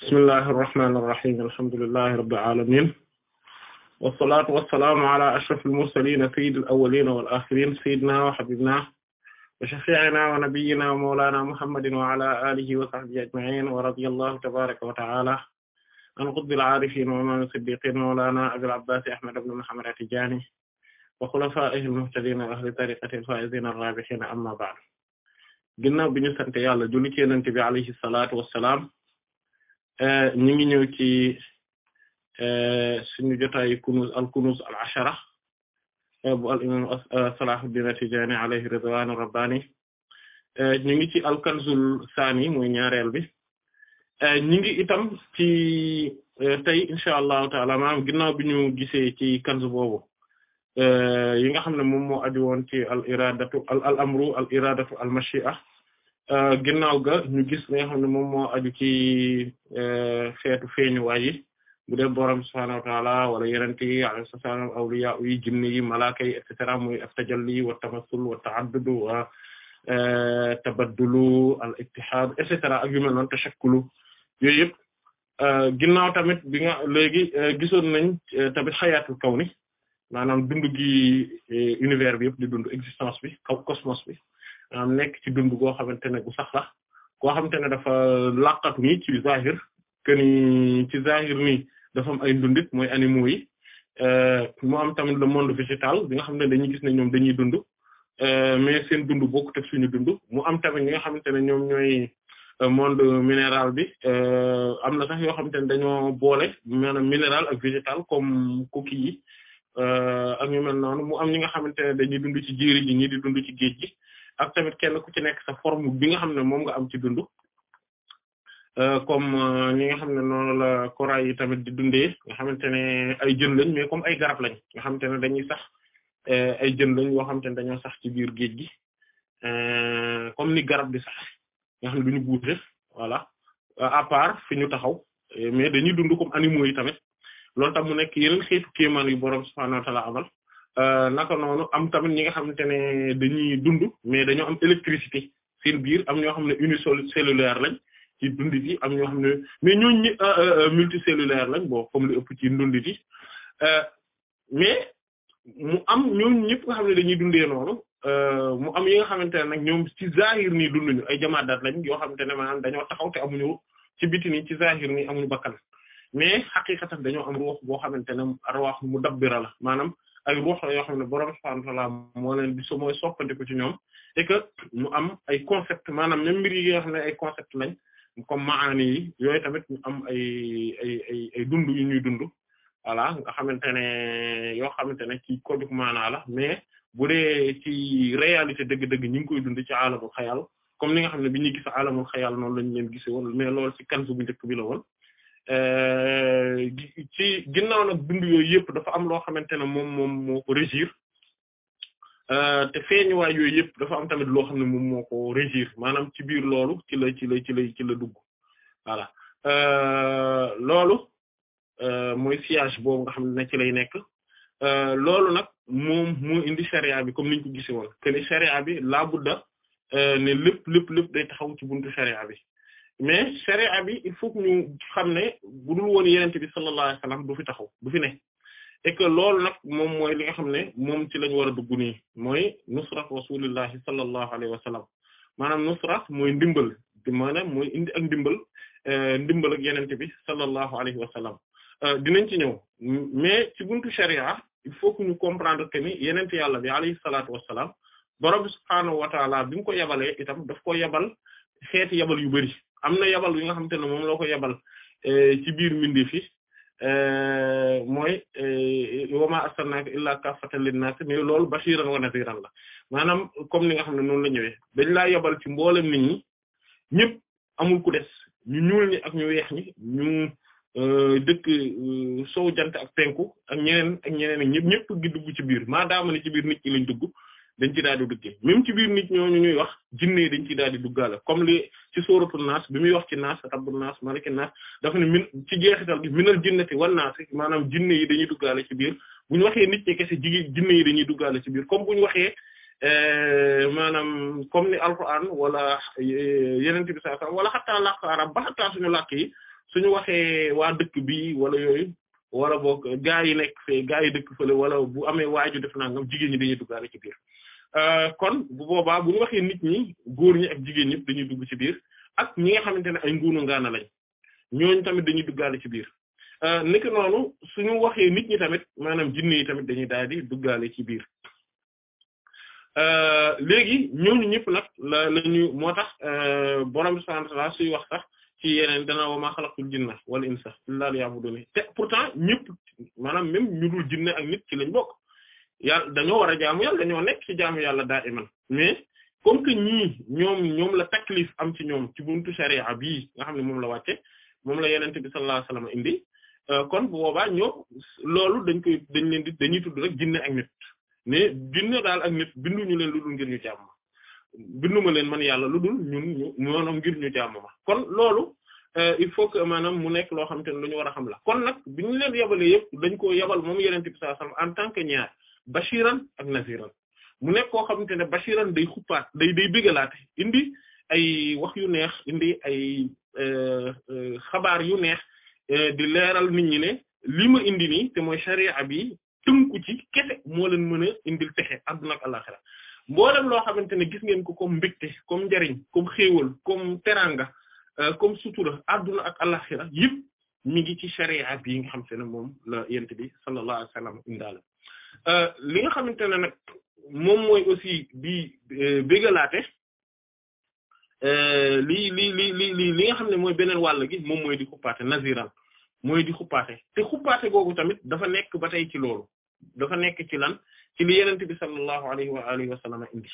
bismillahir rahmanir rahim alhamdulillahi rabbil alamin wassalatu wassalamu ala ashrafil mursalin sayyidil awwalin wal akhirin sayyidina wa habibina wa shafi'ina wa nabiyyina wa mawlana muhammadin wa ala alihi wa sahbihi ajma'in wa radiyallahu tabaraka wa ta'ala an qutbil arifin wa imam siddiqin mawlana abil abbas ahmad ibn muhammad at-tijani wa khulafa'ihi al-muhtadin wa ahli tariqatihi al-faizin ar-rabihin amma ba'd ginnaaw bi ñu sant yàlla julli ci yonent bi alayhi salatu wassalam Euh, ñu ngi ñëw ci euh, suñu jotaayu kunuz al kunuz al ashara euh, bu al imam Salahuddin At-Tidjânî rabbani ñu ngi ci al kanzul saani muy ñaareel bi ñu ngi itam ci tey incha allahu taala maanaam ginnaaw bi ñu gisee ci kanz boobu yi nga xam ne moom moo aju woon ci al iradatu al al amru al iradatu al mashi'a Euh, ginnaaw ga ñu gis li nga xam ne moom moo aju ci euh, xeetu feeñuwaay yi bu dee borom subhaanahu wa taala wala yenente yi alayhi salaam awliya yi jinne yi malaaka yi et cetera muy at-tajalli wa tamassul wa ta'addud wa tabaddulu al ittihad et cetera ak yu mel noonu tashakkulu yooyu yëpp euh, ginnaaw tamit bi nga léegi gisoon nañ tamit xayaatul kawni maanaam dund gi univers bi yëpp di dund existence bi kaw bi maanaam nekk ci dund goo xamante ne bu sax la koo xamante ne dafa laqatu ni ci zahir que ni ci zahir nii dafa ay ndundit mooy animaux yi euh, mu am tamit le monde végétal bi nga xam ne dañuy gis ne ñoom dañuy dund euh, mais seen dund bokkut ak suñu dund mu am tamit ñi nga xamante ne ñoom ñooy euh, monde minéral bi am na sax yoo xamante ne dañoo boole maanaam minéral ak végétal comme coquille yi ak ñu mel noonu mu am ñi nga xamante ne dañuy dund ci jéeri ji ñi di dund ci géej gi ak tamit kenn ku ci nekk sa forme bi nga xam ne moom nga am ci dund euh, comme euh, ñi nga xam ne noonu la corail yi tamit di dundee nga xamante ne ay jën lañ mais comme ay garab lañ nga xamante ne dañuy sax euh, ay jën lañ yoo xamante ne dañoo sax ci biir géej gi comme ni garab di sax nga xam ne duñu bouger voilà à part fi ñu taxaw mais dañuy dund comme animaux yi tamit loolu tam mu nekk yeneen xeetu kéemaan yu boroom subhaanahu wa amal Euh, naka noonu am tamit ñi nga xamante ne dañuy dund mais dañoo am électricité seen biir am ñoo xam ne unicellulaire lañ ci dundit yi am ñoo xam ne mais ñooñu euh, euh, multicellulaire lañ bon comme ëpp ci dundit yi mais mu am ñooñu ñëpp nga xam ne dañuy dundee noonu mu am yi nga xamante ne nag ñoom ci zahir nii dunduñu ay jamaadaat lañ yoo xamante ne maanaam dañoo taxaw te amuñu ci biti nii ci zahir am amuñu bakkan mais xaqiqatan dañoo am ruux boo xamante ne arwaax mu dabbira la maanaam. ay ruux la yoo xam ne borom subhaanahu wa ta'aala moo leen di so mooy soppandiku ci ñoom et que mu am ay concept maanaam même mbir yi nga xam ay concept lañ comme maani yi yooyu tamit ñu am ay ay ay ay dund yu ñuy dund voilà nga xamante ne yoo xamante ne ci koduk maanaa la mais bu dee ci réalité dëgg-dëgg ñu ngi koy dund ci alamul xayal comme ni nga xam ne bi ñuy gis alamul xayal noonu lañ leen gise woon mais lool ci kan bu njëkk bi woon Euh, ci ginnaaw nag bind yooyu yëpp dafa am loo xamante ne moom moom moo ko régir euh, te waay yooyu yëpp dafa am tamit loo xam ne moom moo ko régir maanaam ci biir loolu ci la ci la ci la ci la dugg voilà euh, loolu mooy sillage boobu nga xam ne ci lay nekk loolu nag moom moo indi sharia bi comme niñ ko gisee woon que ni bi laa budda ne lépp lépp lépp day taxaw ci buntu sharia bi mais sharia bi il faut que ñu xam ne bu dul woon bi sallallahu alayhi wasallam du fi taxaw du fi ne et que loolu nag moom mooy li nga xam ne moom ci lañ war a dugg nii mooy nusrat rasulillahi sallallahu alayhi wasallam maanaam nusrat mooy ndimbal maanaam mooy indi ak ndimbal euh, ndimbal ak yenente bi sallallahu alayhi wasallam euh, dinañ ci ñëw mais ci buntu sharia il faut que ñu comprendre que ni yenente yàlla bi alayhi salaatu wassalaam borom bi subhaanahu wa taala bi mu ko yabalee itam daf ko yabal xeeti yu bari am na yabal bi nga xamante ne moom loo ko yabal eh, ci biir mbindi fi eh, mooy eh, wama arsalnaaka illaa kaffatan linnaas mais loolu bashiran wa nadhiran la maanaam comme ni nga xam ne noonu la ñëwee dañ laa yabal ci mboolem ni ñi ñëpp amul ku des ñu ñuul ñi ak ñu weex ñi ñu dëkk sow jant ak penku ak ñeneen ak ñeneen ak ñëpp ñëpp gi dugg ci biir maadaama ni ci biir nit ñi lañ dugg dañ ci daal di duggee même ci biir nit ñoo ñu ñuy wax jinne dañ ciy daal di duggaale comme li ci sooratu naas bi muy wax ci naas rabbu naas maliki naas dafa ne min ci jeexital gi minal jinnati wan naas maanaam jinne yi dañuy duggaale ci biir bu ñu waxee nit ñi kese jigéen jinne yi dañuy duggaale ci biir comme bu ñu waxee eh, maanaam comme ni alquran wala eh, yeneen bi wala xataa làkk ba xataa suñu làkk yi suñu waxee waa dëkk bi wala yooyu wala boog gaa yi nekk fee yi dëkk fële wala bu amee waaju def nangam jigéen ñi dañuy duggaale ci biir. Euh, kon bu boobaa bu ñu waxee nit ñi góor ñi ak jigéen ñëpp dañuy dugg ci biir ak ñi nga xamante ne ay nguunu ngaana lañ ñooñu tamit dañuy duggaale ci biir euh, niki noonu suñu waxee nit ñi tamit maanaam jinne yi tamit dañuy daal di duggaale ci biir euh, léegi ñooñu ñëpp nag la moo tax borom subhaanahu wa suy wax sax ci yeneen dana wa maa xalaqtul jinna wal insa illaa liya'buduun te pourtant ñëpp maanaam même ñu dul jinne ak nit ci lañ bokk. yàlla dañoo war a jaamu yàlla dañoo nekk ci jaamu yàlla daa iman mais comme que ñii ñoom ñoom la taklif am ci ñoom ci buntu sharia bii nga xam ne moom la wàcce moom la yenente bi sallallahu alayhi wasallam indi euh, kon bu boobaa ñoo loolu dañ koy dañ leen di dañuy tudd rek jinne ak nit mais jinne daal ak nit binduñu leen lu dul ngir ñu jaamu ma binduma leen man yàlla lu dul ñun ñu maanaam ngir ñu jaamu ma kon loolu euh, il faut que maanaam mu nekk loo xam te ne lu war a xam la kon nag bi ñu leen dañ koo yebal moom yenente bi sallallahu en tant que ñaar bashiran ak naziran mu nekk koo xamante ne bashiran day xuppaat day day bégalaate indi ay wax yu neex indi ay euh, euh, xabaar yu neex euh, di leeral nit ñi ne li ma indi nii te mooy sharia bi tënku ci kese moo leen mën a indil texe adduna ak alaxira mboolem loo xamante ne gis ngeen ko comme mbégte comme njariñ comme xéewal comme teranga comme sutura adduna ak alaxira yëpp mi ngi ci sharia bi nga xam te ne moom la yent bi sallallahu alayhi wasallam indaala Euh, li nga xamante ne nag moom mooy aussi di euh, bégalaate euh, li li li li li li nga xam ne mooy beneen wàll gi moom mooy di xuppaate naziran mooy di xuppaate te xuppaate googu tamit dafa nekk ba tey ci loolu dafa nekk ci lan ci li yenent bi sallallahu alayhi wa alihi wa sallam indi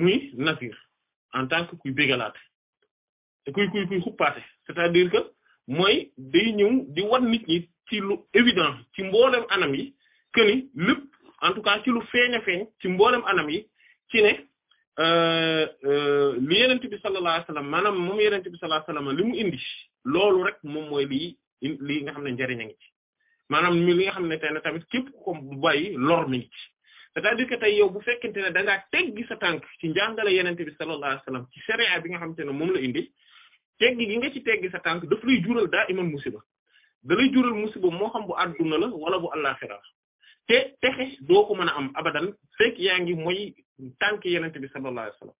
muy nazir en tant que kuy bégalaate te kuy kuy kuy xuppaate c'est-à-dire que mooy day ñëw di wan nit ñi ci lu évident ci mboolem anam yi que ni en tout cas ci lu feeñ a ci mboolem anam yi ci ne euh, euh, li yenent bi sallallahu alayhi wasallam maanaam moom yenent bi sallallahu alayhi li mu indi loolu rek moom moy lii lii nga xam ne njariñ a ngi ci mi li nga xam ne tey tamit képp ku ko bàyyi lor mi ngi ci c'est-à-dire que tey yow bu fekkente ne da ngaa teggi sa tànk ci njàngale yenente bi sallallahu alayhi wasallam ci sharia bi nga xamante ne moom la indi teggi gi nga ci teggi sa tànk daf lay jural daa iman musiba da lay jural musiba moo xam bu àdduna la wala bu àllaaxira te texe doo ko mën a am abadan fekk yaa ngi mooy tànk yenente bi sallallahu alayhi wasallam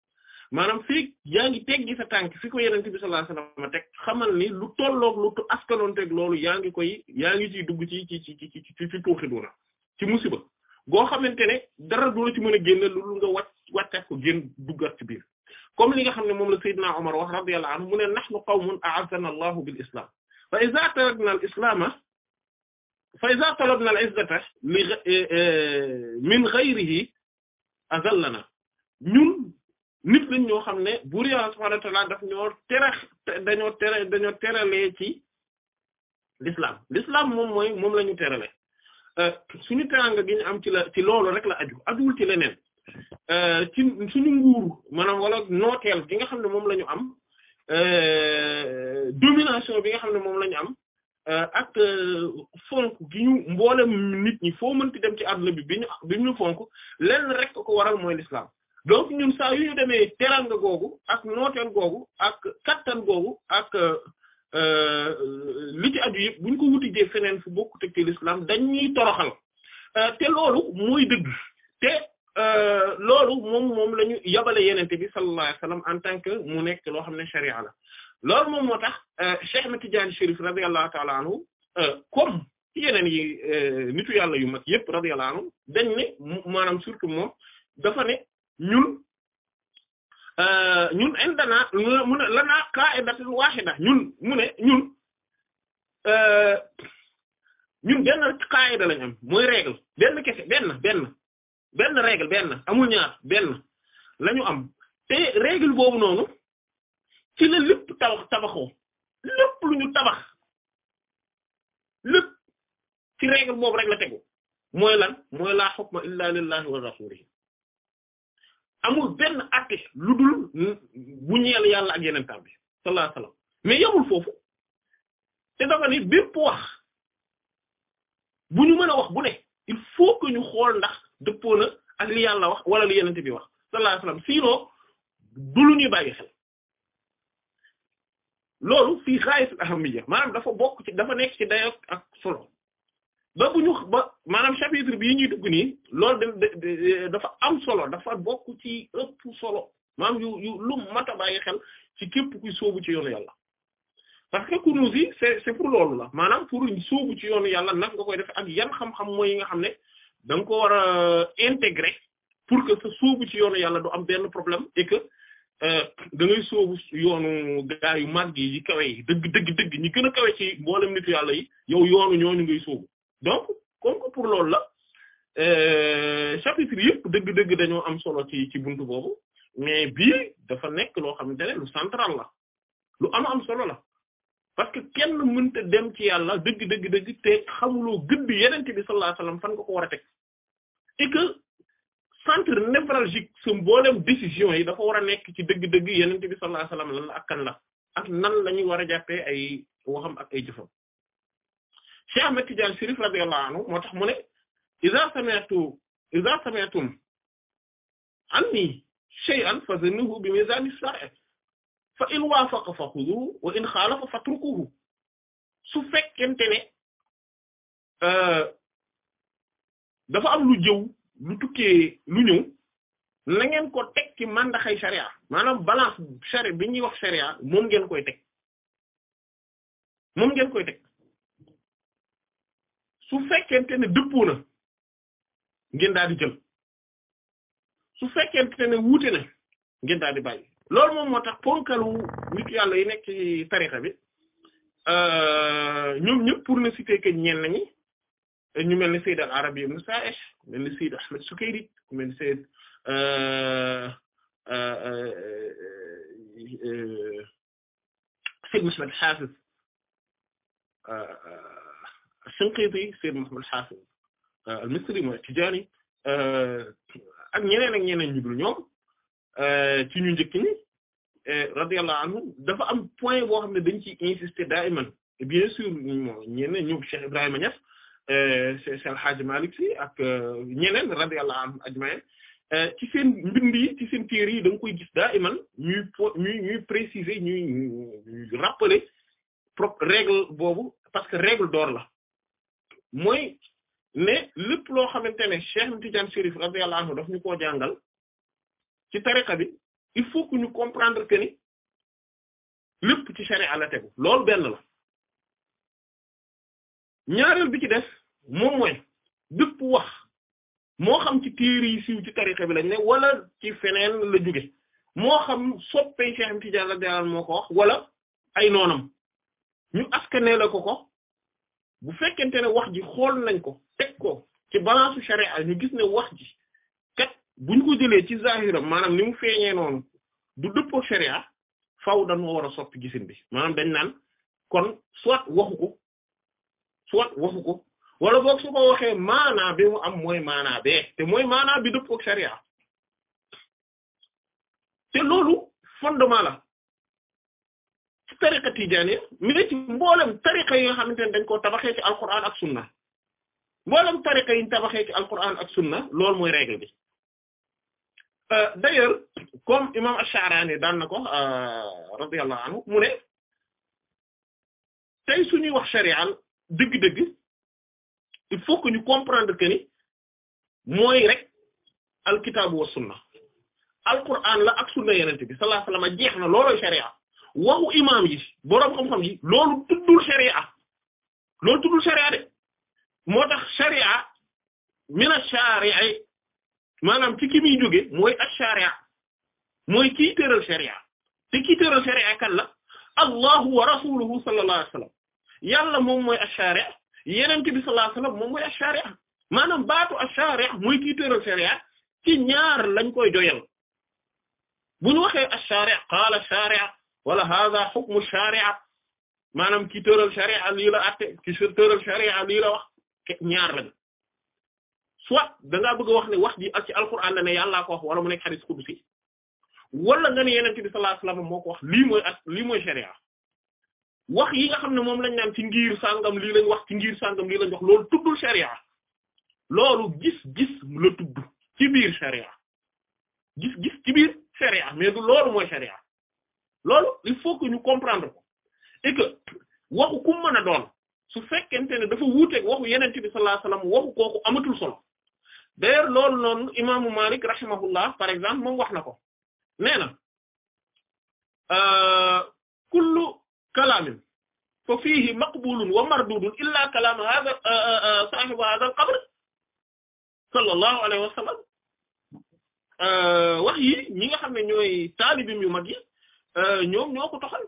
maanaam fekk yaa ngi teggi sa tànk fi ko yenente bi sallallahu alayhi wasallam teg xamal ni lu tolloog lu askanoonteeg loolu yaa ngi koy yaa ngi ciy dugg ci ci ci ci ci ci tuuxiduna ci musiba goo xamante ne dara du ci mën a génne lu nga wat wàccaat ko génn duggaat ci biir comme li nga xam ne moom la Seydina Omar wax radiyallahu anhu mu ne nahnu qawmun a'azzana Allahu bil islam fa iza taradna al islaama fa iza talabna al izzata li eh, eh, ñun nit lañ ñoo xam ne buur Yàlla subhaanahu daf ñoo tere dañoo tere dañoo terale ci l'islam l'islam moom mooy moom la ñu terale euh, suñu teranga gi ñu am ci la ci loolu rek la aju ajuwul ci leneen euh, ci suñu nguur maanaam wala nooteel gi nga xam ne moom lañu am Euh, domination bi nga xam ne moom lañu am euh, ak euh, fonk gi ñu mboolem nit ñi foo mënti dem ci àdduna bi bi ñu bi ñu fonk lenn rek ko waral mooy lislaam donc ñun saa yu ñu demee teranga googu ak nooteel googu ak kattan googu ak li ci aju yëpp bu ñu ko wutijee feneen fu bokku teg ci l'islam dañuy toroxal te loolu mooy dëgg te Euh, loolu moom moom lañu ñu yabale yenente bi sallallahu alayhi en tant que mu nekk loo xam ne sharia la lool moom moo tax euh, Cheikh Ahmed Tidiane Chérif radiyallahu ta'ala anhu euh, ci yeneen yi nitu yàlla yu mag yëpp radiyallahu anhu dañ ne maanaam surtout moom dafa ne ñun ñun indana mu ne lanaa qa'idatun wahida ñun mu ne ñun ñun benn qaida lañ am mooy règle benn kese benn benn benn règle benn amul ñaar benn lañu am te règle boobu noonu ci la lépp tabax tabaxoo lépp lu ñu tabax lépp ci règle boobu rek la tegu mooy lan mooy laa hukma illa lillahi wa rasulihi amul benn àtte lu dul bu ñeel yàlla ak yeneen tam bi sallallahu alayhi wasallam mais yamul foofu te dafa ni bépp wax bu ñu mën a wax bu ne il faut ñu xool ndax dëppoo na ak li yàlla wax wala li yenente bi wax sallallahu alayhi wasallam sinon du lu ñuy bàyyi xel loolu fii xaayisul ahamiyya maanaam dafa bokk ci dafa nekk ci dayo ak solo ba bu ñu ba maanaam chapitre bi ñuy dugg nii loolu dafa am solo dafa bokk ci ëpp solo maanaam yu yu lu mat a bàyyi xel ci képp ku sóobu ci yoonu yàlla parce que kunuus c'est c'est pour loolu la maanaam pour sóobu ci yoonu yàlla nag nga koy def ak yan xam-xam mooy yi nga xam ne da nga ko war a euh, intégrer pour que sa sóobu ci yoonu yàlla du am benn problème et que euh, da ngay sóobu yoonu gaa yu màgg yi kawe yi dëgg dëgg dëgg ñi gën a kawe ci mboolem nitu yàlla yi yow yoonu ñooñu ngay sóobu donc comme que pour loolu la euh, chapitre yëpp dëgg-dëgg dañoo am solo ci ci buntu boobu mais bii dafa nekk loo xam ne lu central la lu am am solo la parce que kenn mënta dem ci yàlla dëgg dëgg dëgg te xamuloo gëdd yenente bi sallallahu alayhi fan nga ko war teg et que centre névralgique su mboolem décision yi dafa war a nekk ci dëgg dëgg yenente bi sallallahu alayhi wasallam ak kan la ak nan la war a jàppee ay waxam ak ay jëfam Cheikh Ahmed Tidiane Chérif radiyallahu anhu moo tax mu ne iza sami'tu iza sami'tum anni shay'an fazanuhu bi mizan as-sa'i fa in waafaqa fa xuduhu wa in xaalafa fatrukuhu su fekkente ne euh, dafa am lu jëw lu tukkee lu ñëw na ngeen ko teg ci màndaxay sharia maanaam balance sharia bi ñuy wax sharia moom ngeen koy teg moom ngeen koy teg su fekkente ne dëppoo na ngeen daal di jël su fekkente ne wuute na ngeen daal di bàyyi loolu moom moo tax ponkalu nit yàlla yi nekk ci tarixa bi euh, ñoom ñëpp pour ne citer que ñenn ñi ñu mel na Sayyid al arab ibn Sa'ih mel na Sayyid Ahmed Sukayri mel ni Sayyid euh, euh, Sayyid Muhammad Hafiz Shinqiti al-Misri mooy Tijani ak ñeneen ak ñeneen ñu dul ñoom Euh, ci ñu njëkk ñi euh, radiyallahu anhu dafa am point boo xam ne dañ ci insister daiman et bien sûr ñeneen ñoom Cheikh Ibrahima Niass Cheikh El Hadj Malick Sy ak euh, ñeneen radiyallahu anhu ajmaïn ci seen mbind yi ci seen téere yi da koy gis daiman ñuy ñuy ñuy préciser ñuy ñuy rappeler propre règle boobu parce que règle d'or la mooy ne lépp loo xamante ne Cheikh Tidiane Chérif radiyallahu anhu daf ñu koo jàngal ci tariqa bi il faut que ñu comprendre que ni ci sharia la tegu loolu benn la ñaareel bi ci des moom mooy dëpp wax moo xam ci téere yi siiw ci tariqa bi lañ ne wala ci feneen la jóge moo xam soppee Cheikh Tidiane la dalal moo ko wax wala ay noonam ñu askanee la ko ko bu fekkente ne wax ji xool nañ ko teg ko ci balance sharia ñu gis ne wax ji bu ñu ko jëlee ci zahiram maanaam ni mu feeñee noonu du dëppoo sharia faaw dañoo war a soppi gisin bi maanaam dañ naan kon soit waxu ko soit waxu wala boog su ko waxee maanaa bi mu am mooy maana bee te mooy maanaa bi dëppoo ak sharia te loolu fondement la ci tariqa tijaani mi ci mboolem tariqa yi nga xamante ne dañ koo tabaxee ci alquran ak sunna mboolem tariqa yi ñu tabaxee ci alquran ak sunna loolu mooy règle bi Euh, d'ailleurs comme imam Ash-Sha'rani daan na ko euh, radiyallahu anhu mu ne tey suñuy wax sharia dëgg-dëgg il faut que ñu comprendre que ni mooy rek alkitaabu wa sunna alquran la ak sunna yenente bi sallallahu alayhi wasallam jeex na loolooy sharia waxu imam yi boroom xam-xam yi loolu tuddul sharia loolu tuddul sharia de moo tax sharia mina shari'i maanaam ti ki muy jóge mooy ash-sharia mooy kii tëral sharia sharia kan la allahu wa rasuluhu sallallahu alayhi wasallam yàlla moom mooy ash-sharia yeneen bi sallallahu alayhi wasallam sharia maanaam baatu ash-sharia mooy kii tëral sharia ci ñaar lañ koy doyal bu ñu waxee ash-sharia qaala ash-sharia wala hadha hukmu ash-sharia maanaam kii tëral sharia lii la atte kii tëral sharia lii la wax ñaar lañ soit da ngaa bëgg wax ne wax ji ak ci alquran la ne yàllaa ko wax wala mu nekk hadith qudsi wala nga ne yenente bi sallallahu moo ko wax lii mooy at lii mooy sharia wax yi nga xam ne moom lañ naan ci ngir sàngam lii lañ wax ci ngir sàngam lii lañ wax loolu tuddul sharia loolu gis-gis la tudd ci biir sharia gis-gis ci biir sharia mais du loolu mooy sharia loolu il faut que ñu comprendre ko et que waxu ku mën doon su fekkente ne dafa wuuteeg waxu yenente bi sallallahu alayhi wasallam waxu amatul solo d'ailleurs loolu noonu imaamu Malik rahimahullah par exemple moom wax na ko nee na euh, kullu kalaamin fa fiihi maqbulun wa mardudun illa kalaam hada euh, euh, saahibu hada al qabr sallallahu alayhi wa sallam wax yi ñi nga xam ne ñooy taalibim yu mag yi ñoom ñoo ko toxal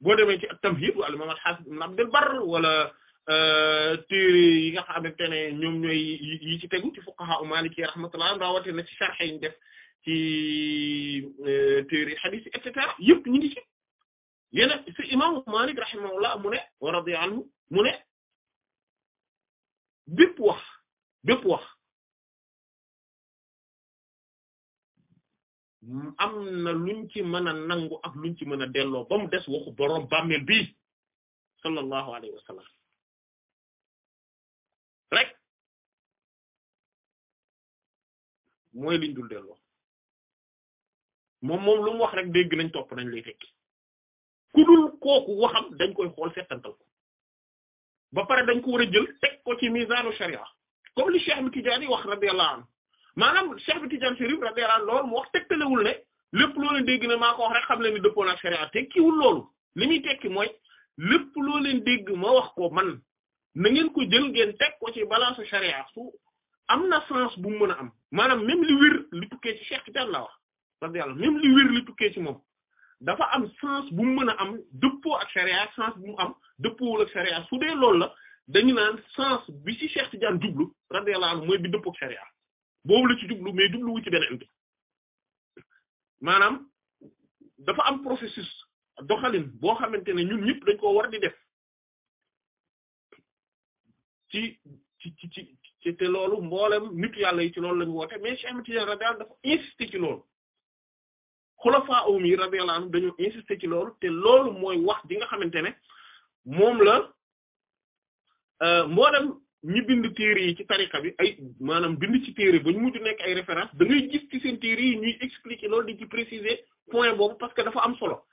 boo demee ci at-Tamhid wala imam al-Hafiz ibn Abd al-Barr wala Euh, téere yi nga xamante ne ñoom ñooy yi ci tegu ci fuqaha u maliki rahmatullah raawate na ci sharh yi ñu def euh, téere hadith et cetera yëpp ñu ngi ci yéen si imaamu Malik rahimahullah mu ne wa radiya anhu mu ne bépp wax bépp wax am na luñ ci mën a nangu ak luñ ci mën a delloo ba mu des waxu boroom bàmmeel bii sallallahu alayhi wa rek mooy liñ dul delloo moom moom lu mu wax rek dégg nañ topp nañ lay tekki ku dul kooku waxam dañ koy xool settantal ko ba pare dañ ko war a jël teg ko ci misaanu sharia comme li Cheikh bi Tidiane wax radiyallahu maanaam Cheikh bi Tidiane Chérif radiyallahu anhu loolu mu wax tegtalewul ne lépp loo dégg ne maa ko wax rek xam leen ni dëppoo na sharia tekkiwul loolu li muy tekki mooy lépp loo leen dégg ma wax ko man na ngeen ko jël ngeen teg ko ci balance charia su am na sens bu mën a am maanaam même li wér li tukkee ci Cheikh Tidiane la wax wax yàlla mem li wér li tukkee ci moom dafa am sens bu mën a am dëppoo ak charia sens bu mu am dëppoowul ak charia su dee loolu la dañu naan sens bi ci Cheikh Tidiane jublu radiyallahu mooy bi dëppoo ak charia boobu la ci jublu mais jublu wu ci beneen bi maanaam dafa am processus doxalin boo xamante ne ñun ñëpp dañ koo war di def ci ci ci ci te loolu mboolem nit yàlla yi ci loolu lañu woote mais Cheikh Ahmed Tidiane radiyallahu dafa insister ci loolu xulafaa um yi radiyallahu anhum dañoo ci loolu te loolu mooy wax ji nga xamante ne moom la euh, mboolem ñi bind téere yi ci tariqa bi ay maanaam bind ci téere ba ñu mujj nekk ay référence da ngay gis ci seen téere yi ñuy expliquer loolu di ci préciser point boobu parce que dafa am solo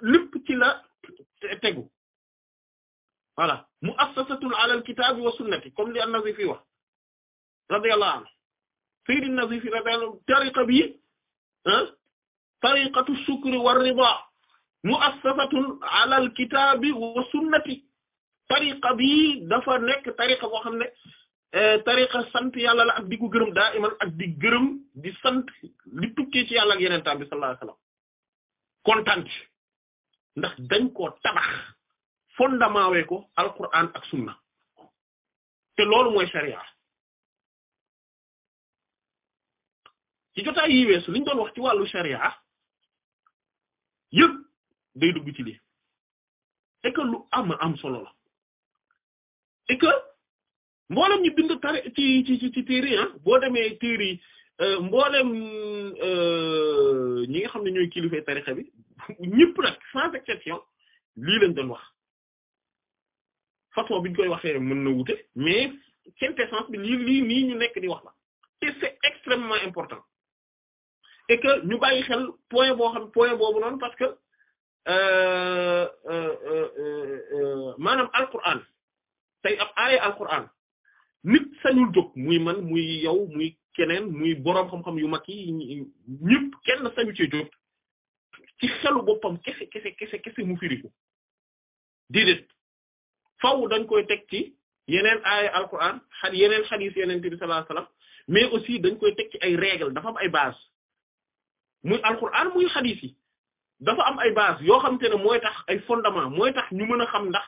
lépp ci la tegu voilà mu'assasatun ala al-kitabi wa sunnati comme li an-Nazifi wax radiyallahu anhu sayyid an-Nazifi radiyallahu anhu tariqa bi ah tariqatu shukri war-rida mu'assasatun ala al-kitabi wa sunnati tariqa bi dafa nekk tariqa boo xam ne eh, tariqa sant yàlla la ak di ko gërëm daa iman ak di gërëm di sant li tukkee ci yàlla ak yeneen taam bi sallallahu alayhi wasallam kontaan ci ndax dañ koo tabax fondement wee ko alquran ak sunna te loolu mooy sharia ci jotaay yi weesu liñ doon wax ci wàllu sharia yëpp day dugg ci lii et que lu am am solo la et mboolem ñu bind tari ci ci ci téere ah boo demee téere yi euh, mboolem euh, ñi nga xam ne ñooy kilifay tarixa bi ñëpp nag sans exception lii lañ doon wax façon bi ñu koy waxee mën na wute mais quintessence bi lii lii nii ñu nekk di wax la te extrêmement important et ñu bàyyi xel point boo xam point boobu noonu parce que euh, euh, euh, maanaam alquran tey ab aaya alquran nit sañul jóg muy man muy yow muy keneen muy boroom xam-xam yu mag yi ñëpp kenn sañu ci jóg ci xelu boppam kese kese kese kese mu firiku déedéet faww dañ koy teg ci yeneen aaya alquran xad yeneen xadis yeneen bi sallallahu alayhi wasallam mais aussi dañ koy teg ay règles dafa am ay base muy alquran muy xadis yi dafa am ay base yoo xam te ne mooy tax ay fondement mooy tax ñu mën a xam ndax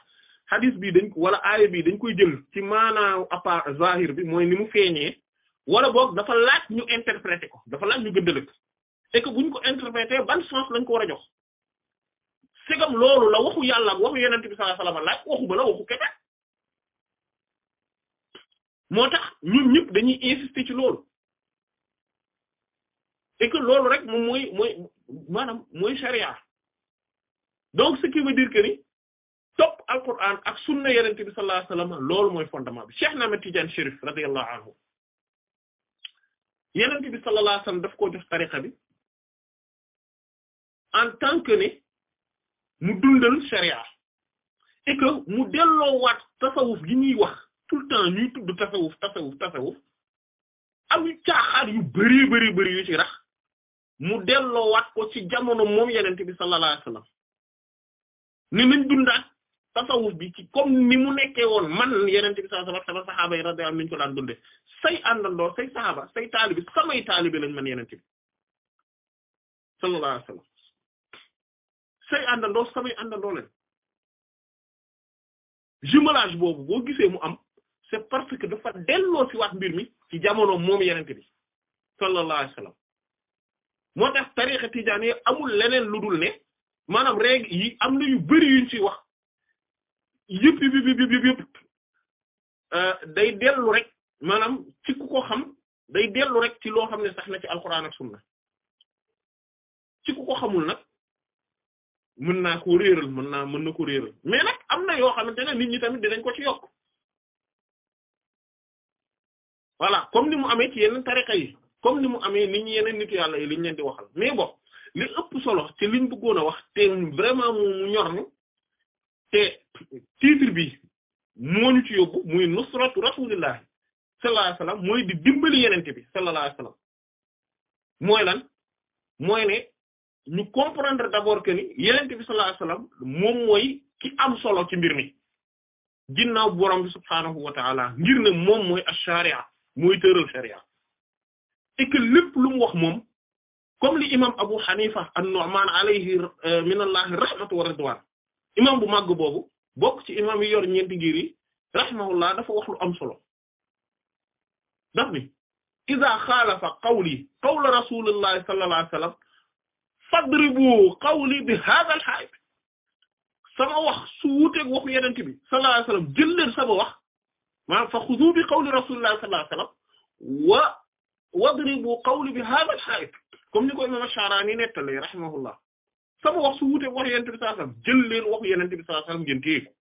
xadis bi dañ ko wala aaya bi dañ koy jël ci maanaaw à part zahir bi mooy ni mu feeñee wala boog dafa laaj ñu interpréter ko dafa laaj ñu gëddalëk et que buñ ko interpréter ban sens lañ ko war a jox segam loolu la waxu yàlla ak waxu yenent bi sallallahu waxu ba waxu kete moo tax ñun ñëpp dañuy insister loolu et loolu rek moom mooy mooy maanaam mooy charia donc ce qui veut dire que ni topp Alquran ak sunna yenente bi sallallahu alayhi wasallam loolu mooy fondement bi Cheikh Ahmed Tidiane Chérif radiyallahu anhu yenente bi sallallahu alayhi daf ko jox tariqa bi en tant que ne mu dundal sharia et que mu delloowaat tasawuf gi ñuy wax tout le temps ñuy tudd tasawuf tasawuf tasawuf am yu caaxaar yu bari bari bari yu ci rax mu delloowaat ko ci jamono moom yenente bi sallallahu alayhi ni nañ dundaat tasawuf bi ci comme ni mu nekkee woon man yenente bi sallallahu alayhi a sama saxaaba yi radiyallahu am ñu ko daan dundee say àndandoo say saxaaba say taalibi samay taalibi lañ man yenente bi sallallahu alayhi say àndandoo samay àndandoo leen jumelage boobu boo gisee mu am c'est parce que dafa delloo ci waat mbir mi ci jamono moom yenente bi sallallahu alayhi wasallam moo tax tariqa tijaani amul leneen lu dul ne maanaam règle yi am na yu bari yuñ ci wax yëpp yëpp yëpp yëpp euh, day dellu rek maanaam ci ku ko xam day dellu rek ci loo xam ne sax na ci alxuraan ak ci ku ko xamul nag mën naa ko réeral mën naa mën na ko réeral mais am na yoo xamante ne nit ñi tamit dinañ ko ci yokk voilà comme ni mu amee ci yeneen tariqa yi comme ni mu amee nit ñi yeneen nit yàlla yi liñ leen di waxal mais bon li ëpp solo ci liñ bëggoon a wax te vraiment mu ñor ñu te titre bi moo ñu ci yóbbu muy nusratu rasulillahi sallallahu alayhi mooy di dimbali yenente bi sallallahu alayhi mooy lan mooy ne ñu comprendre d'abord que ni bi sallallahu alayhi moom mooy ki am solo ci mbir mi ginnaaw borom bi subhaanahu wa ta'ala ngir ne moom mooy ash-sharia mooy tëral sharia et que lépp lu wax moom comme li imam Abu Hanifa an-Nu'man alayhi euh, min Allah rahmatu wa ridwan imam bu màgg boobu bokk ci imam yi yor ñeenti ngir yi rahimahullah dafa wax lu am solo daf ni iza xaalafa qawli qawla rasulillahi sallallahu alayhi fadribu qawli bi hadha al hayb sama wax su wuuteeg waxu yenente bi sallallahu alayhi wasallam jël leen sama wax maanaam fa xudu bi qawli rasulillahi sallallahu alayhi wasallam wa wadribu qawli bi hadha al hayb comme ni ko imam Ash-Sharani nettali rahimahullah sama wax su wuuteeg waxu yenente bi sallallahu alayhi wasallam jël leen waxu yenente bi sallallahu alayhi wasallam ngeen téye ko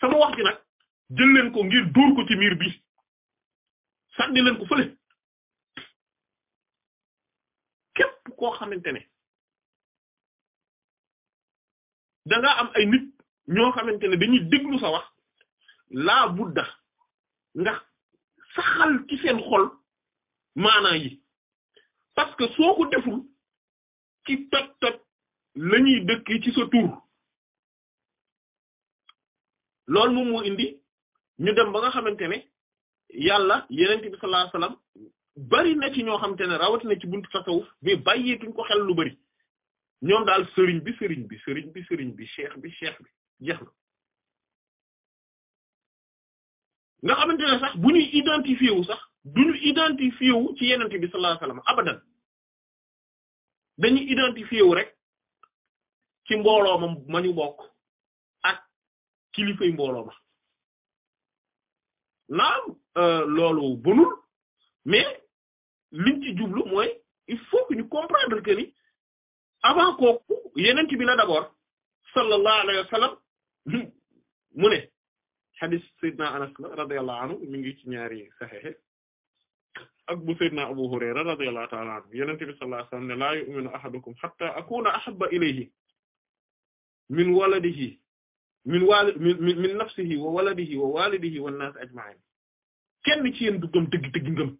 sama wax ji nag jël leen ko ngir dóor ko ci miir bi sànni leen ko fële képp koo xamante ne da ngaa am ay nit ñoo xamante ne dañuy déglu sa wax laa budda nga saxal ci seen xol maanaa yi parce que soo ko deful ci toj toj la ñuy dëkk ci sa tur loolu moom moo indi ñu dem ba nga xamante ne yàlla yenent bi sallallahu alayhi wasallam bari na ci ñoo xamante ne rawatina ci buntu tasawuf mais bàyyeetuñ ko xel lu bari ñoom daal sëriñ bi sëriñ bi sëriñ bi sëriñ bi cheikh bi cheikh bi jeex na nga xamante ne sax bu ñu identifié wu sax duñu identifié wu ci yenente bi sallallahu alayhi abadan dañuy identifié rek ci mboolooma ma ñu bokk ak kilifay mbooloo ma naam euh, loolu bonul mais liñ ci jublu mooy il faut que ñu comprendre que avant kooku yenent bi la d'abord sallallahu alayhi wa sallam mu ne xadis Seydina Anas la radiyallahu anhu mi ngi ci ñaari saxexe ak bu Seydina Abu Hurayra radiyallahu ta'ala anhu yenent bi sallallahu alayhi wa sallam ne la yu'minu ahadukum hatta akuna ahabba ilayhi min waladihi min min nafsihi wa waladihi wa walidihi wan nas ajma'in kenn ci yéen du gëm dëgg dëgg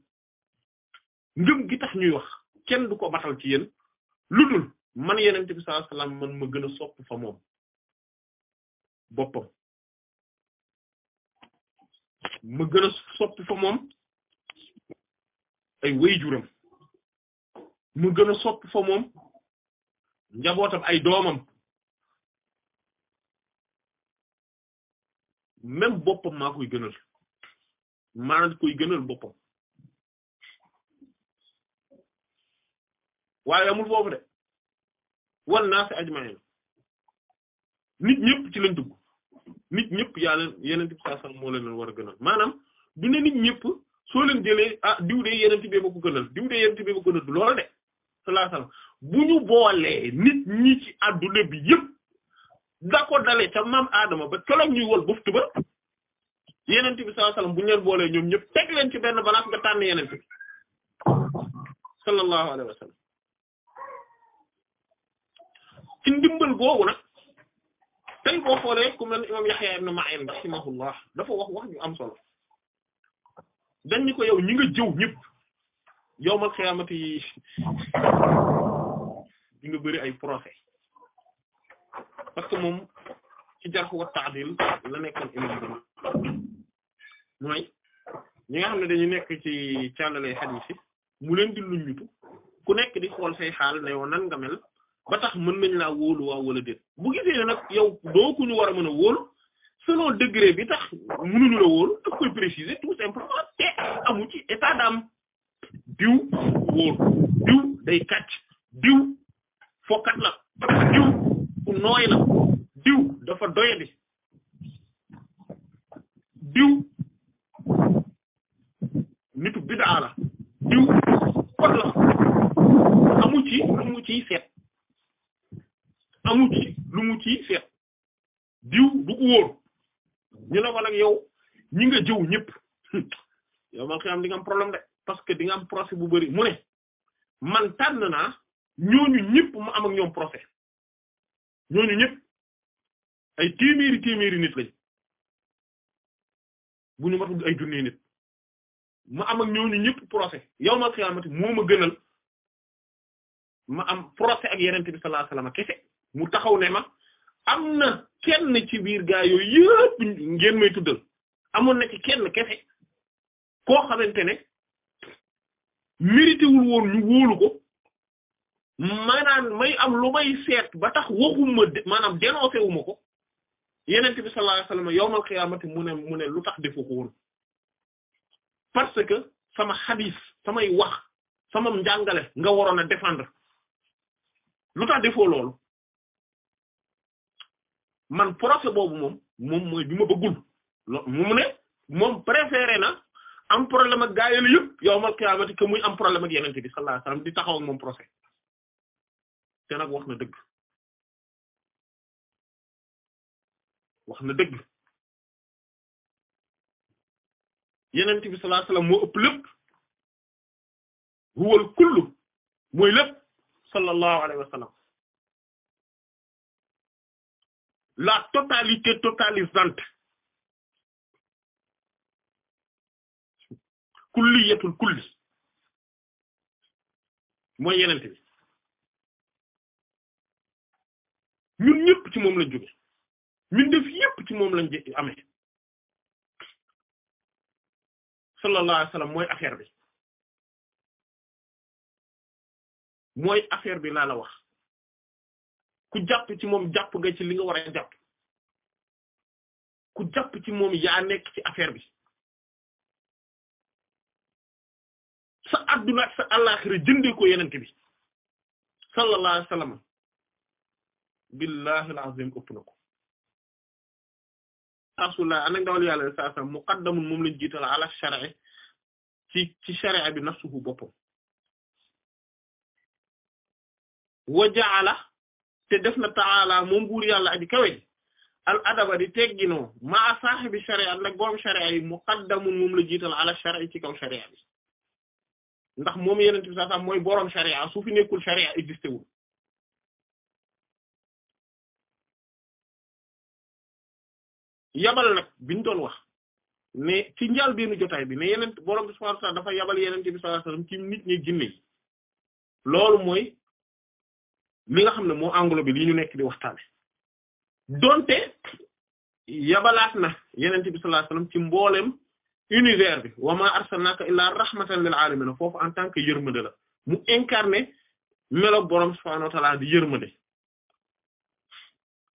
ngëm gi tax ñuy wax kenn du ko ci yéen lu dul man yenente bi sallallahu alayhi man ma gën a sopp fa moom boppam ma gën a sopp fa moom ay wayjuram ma gën a sopp fa moom njabootam ay doomam même boppam maa koy gënal maa koy gënal boppam waaye amul foofu de wan naa fi ajma'iin nit ñëpp ci lañ dugg nit ñëpp yaa leen yeneen saa sax moo leen war a gënal maanaam du ne nit ñëpp soo leen jëlee ah diw de yeneen bee ma ko gënal diw de yeneen bee ko gënal du loolu de sallallahu bu ñu boolee nit ñi ci adduna bi yëpp da ko dalee ca maam Adama ba keroog ñuy wol buftu ba yeneen bi sallallahu bu ñu leen boolee ñoom ñëpp teg leen ci benn balance nga tànn yeneen bi sallallahu alayhi ci ndimbal googu nag tey boo xoolee ku mel imam Yahya ibn Ma'in rahimahullah dafa wax wax ñu am solo dañ ni ko yow ñi nga jëw ñëpp yowmal xiyaamati yi nga bëri ay procès parce que moom ci jarh wa ta'dil la nekkoon imam bi mooy ñi nga xam ne dañu nekk ci càllale hadith yi mu leen di luñutu ku nekk di xool say xaal ne yow nan nga mel ba tax mën nañ laa wóolu waaw wala déet bu gisee ne nag yow doo ko ñu war a mën a wóolu selon degré bi tax mënuñu la wóolu daf koy préciser tout simplement te amu ci état d'âme diw wóolu diw day kàcc diw fokkat la diw ku nooy la diw dafa doyadi diw maanaam am problème de parce que di nga am procès bu bari mu ne man tànn naa ñooñu ñëpp mu am ak ñoom procès ñooñu ñëpp ay téeméeri téeméeri nit lañ bu ñu matul ay junni nit mu am ak ñooñu ñëpp procès yawmal qiyaamati moo ma gënal ma am procès ak yonent bi sallallahu alayhi wasallam kese mu taxaw ne ma am na kenn ci biir gaa yooyu yëpp ngeen may tuddal amoon na ci kenn kese koo xamante ne mérité wul woon ñu wóolu ko maanaam may am lu may seet ba tax waxuma maanaam dénoncé wu ma ko yeneen bi sallallahu alayhi wasallam yawmal mu ne lu tax defu ko woon parce que sama xadiis samay wax sama njàngale nga waroon a défendre lu tax defoo loolu man procès boobu moom moom mooy bi ma bëggul mu ne moom préféré na am problème ak gaa yooyu yëpp yawmal qiyaamati que muy am problème ak yenente bi sallallahu wasallam di taxaw ak moom procès te wax na dëgg wax na dëgg yenente bi sallallahu wasallam moo ëpp lépp huwal kullu mooy lépp sallallahu alayhi wasallam la totalité totalisante kulliyatul kulli mooy yenente bi ñun ñëpp ci moom lañ jóge ñun def yëpp ci moom lañ amee sallallahu alayhi wasallam mooy affaire bi mooy affaire bi laa la wax ku jàpp ci moom jàpp nga ci li nga war a jàpp ku jàpp ci moom yaa nekk ci affaire bi sa adduna ak sa àllaxira jëndee ko yenente bi sallallahu alayhi wa sallam billahi alazim ëpp muqaddamun moom lañ jiital ala shar'i ci ci shar'a bi nafsuhu boppam wa ja'ala te def yàlla aji kawe al adaba di tegginoo maa saahibi shar'a nag boom shar'a yi muqaddamun moom la jiital ala shar'i ci kaw shar'a bi ndax moom yeneen bi sallallahu alayhi wasallam mooy boroom sharia su fi nekkul sharia existé wul yabal nag biñ doon wax ne ci njaal benn jotaay bi ne yeneen boroom bi subhaanahu wa dafa yabal yeneen bi sallallahu ci nit ñi jinne loolu mooy li nga xam ne moo bi li ñu nekk di waxtaane donte yabalaat na yeneen bi sallallahu ci mbooleem univers bi wa ma arsalnaka illa rahmatan lil alamin foofu en tant que yërmande mu incarné melo boroom subhanahu di yërmande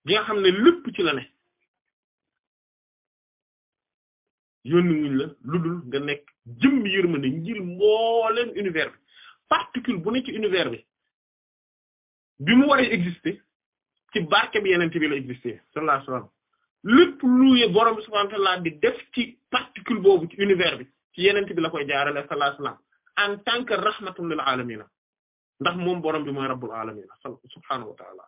gi xam ne lépp ci la ne yónni wuñ la lu dul nga nekk jëmm yërmande ngir mbooleem univers bi particule bu ne ci univers bi bi mu waree exister ci barke bi yenente bi la exister sallallahu lépp lu borom subhaanahu wa ta'aala di def ci particule boobu univers bi ci yenent bi la koy jaarale sallallahu alayhi wa sallam en lil aalamiina ndax moom borom bi mooy rabbul aalamiina subhaanahu wa ta'aala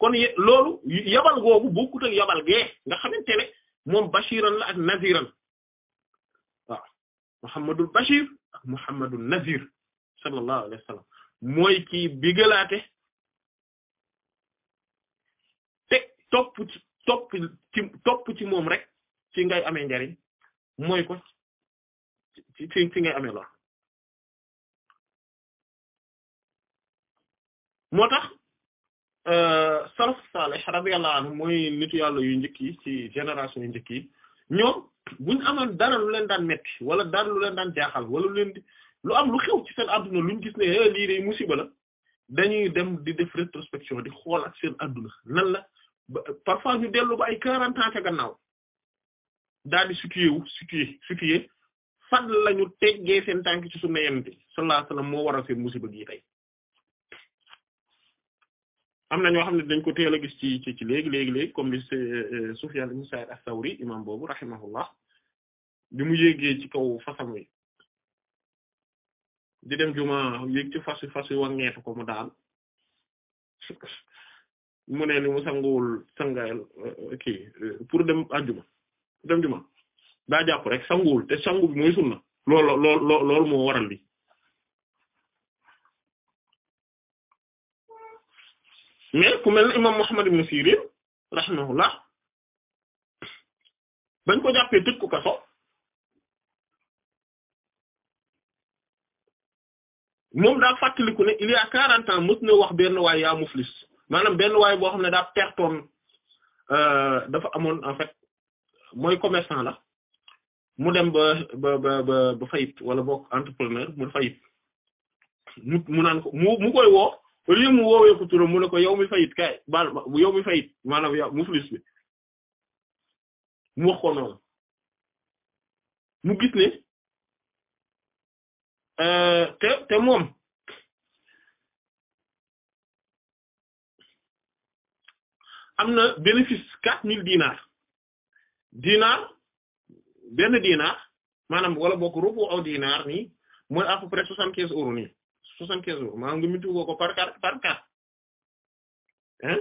kon loolu yabal googu bokkut yabal gee nga xamante ne moom bashiran la ak naziran waaw Muhammadul Bashir ak Muhammadul Nazir sallallahu alayhi wa sallam mooy kii bigalaate teg topp topp ci topp ci moom rek ci ngay amee njariñ mooy ko ci ci ngay amee lor moo tax euh, salaf salih radiyallahu anhu mooy nitu yàlla yu njëkk yi ci génération yu njëkk yi ñoom buñ amoon dara lu leen daan metti wala dara lu leen daan jaaxal wala lu leen di lu am lu xew ci seen adduna luñ gis ne eh, lii de musiba la dañuy dem di def rétrospection di xool seen adduna nan parfois ñu dellu ba ay quarante ans ca gannaaw daal di situé wu situé situé fan teggee seen tànk ci sunna Yonent bi sallallahu alayhi moo waral seen musiba gi tey am na ñoo xam ne dañ ko teel a gis ci ci ci léegi léegi léegi comme li euh, Sufyan ibn Sa'id as-Sawri imam boobu rahimahullah bi mu yéegee ci kaw fasam di dem juma yéeg ci fas wi fas wi ko mu daal mu ne ni mu sanguwul sangaayal euh, euh, pour dem àjjuma dem juma daa jàpp rek sanguwul te sangu bi mooy sunna loolu lool lool loolu waral li mais ku mel ne imam Muhammad ibn Sirin rahimahullah bañ ko jàppee tëj ko kaso moom daa fàttaliku ne il y a quarante ans mës wax benn waaye yaa muflis maanaam benn waay boo xam ne daa pertoon euh, dafa amoon en fait mooy commerçant la mu dem ba ba ba fayit wala boog entrepreneur mu fayit mu mu naan ko mu koy woo au lieu woowee ko mu ne ko yow mi fayit kay baal yow mi fayit maanaam yow muflis bi mu wax ko mu gis ne euh, te te moom am na bénéfice quatre mille dinars dinar benn dinar maanaam wala bokk rubu aw dinar nii mooy à près soixante quinze euros nii soixante quinze euros maanaam nga mutu boo ko par quatre par quatre hein